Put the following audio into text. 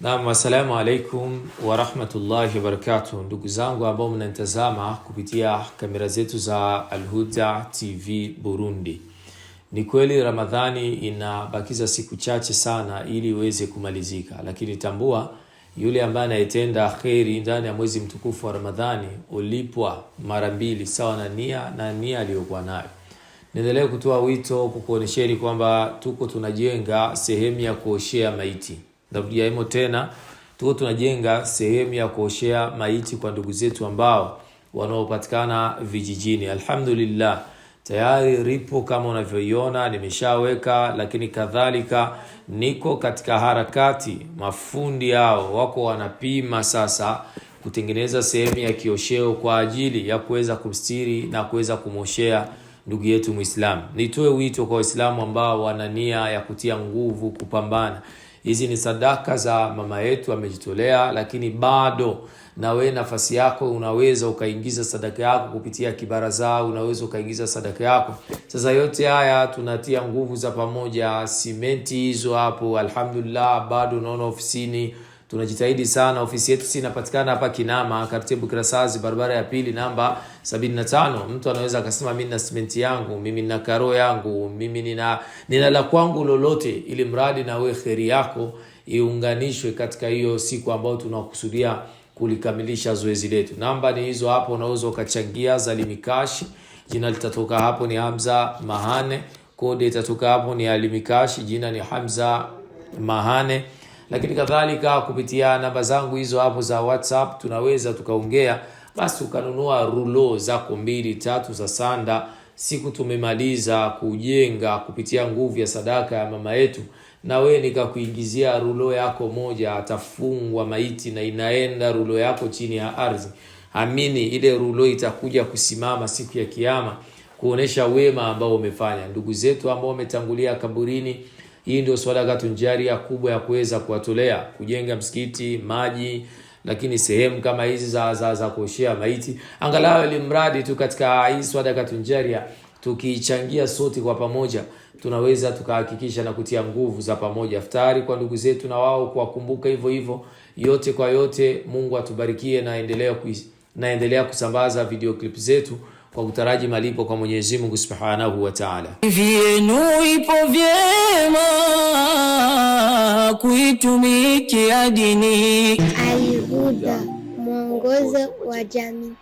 Naam, assalamu alaikum warahmatullahi wabarakatuh, ndugu zangu ambao mnanitazama kupitia kamera zetu za Alhuda TV Burundi. Ni kweli Ramadhani inabakiza siku chache sana ili iweze kumalizika, lakini tambua yule ambaye anayetenda kheri ndani ya mwezi mtukufu wa Ramadhani ulipwa mara mbili sawa na nia na nia aliyokuwa nayo. Niendelee kutoa wito kukuonesheni kwamba tuko tunajenga sehemu ya kuoshea maiti narudia hemo tena, tuko tunajenga sehemu ya kuoshea maiti kwa ndugu zetu ambao wanaopatikana vijijini. Alhamdulillah, tayari ripo kama unavyoiona nimeshaweka, lakini kadhalika niko katika harakati, mafundi hao wako wanapima sasa kutengeneza sehemu ya kiosheo kwa ajili ya kuweza kumstiri na kuweza kumoshea ndugu yetu Muislamu. Nitoe wito kwa Waislamu ambao wana nia ya kutia nguvu kupambana Hizi ni sadaka za mama yetu amejitolea, lakini bado na we nafasi yako unaweza ukaingiza sadaka yako kupitia zao unaweza ukaingiza sadaka yako. Sasa yote haya tunatia nguvu za pamoja, simenti hizo hapo, alhamdulillah, bado unaona ofisini tunajitahidi sana. Ofisi yetu si inapatikana hapa Kinama, Kartibu Krasazi, barabara ya pili namba 75. Mtu anaweza akasema mimi na simenti yangu, mimi na karo yangu, mimi nina nina la kwangu lolote, ili mradi na wewe heri yako iunganishwe katika hiyo siku ambayo tunakusudia kulikamilisha zoezi letu. Namba ni hizo hapo, unaweza ukachangia. Zalimikashi, jina litatoka hapo ni Hamza Mahane. kodi itatoka hapo ni Alimikashi, jina ni Hamza Mahane lakini kadhalika kupitia namba zangu hizo hapo za WhatsApp tunaweza tukaongea, basi ukanunua rulo zako mbili tatu za sanda. Siku tumemaliza kujenga kupitia nguvu ya sadaka ya mama yetu, na we nikakuingizia rulo yako moja, atafungwa maiti na inaenda rulo yako chini ya ardhi. Amini ile rulo itakuja kusimama siku ya kiama kuonesha wema ambao umefanya. Ndugu zetu ambao wametangulia kaburini hii ndio sadakatun jaria kubwa ya kuweza kuwatolea, kujenga msikiti, maji, lakini sehemu kama hizi za za, za kuoshea maiti, angalau mradi tu katika hii sadakatun jaria tukiichangia sote kwa pamoja tunaweza tukahakikisha na kutia nguvu za pamoja. ftari kwa ndugu zetu na wao kuwakumbuka hivyo hivyo. Yote kwa yote, Mungu atubarikie na endelea naendelea kusambaza video clip zetu kwa kutaraji malipo kwa Mwenyezi Mungu Subhanahu wa Ta'ala kuitumikia dini. al mwongozo wa jamii.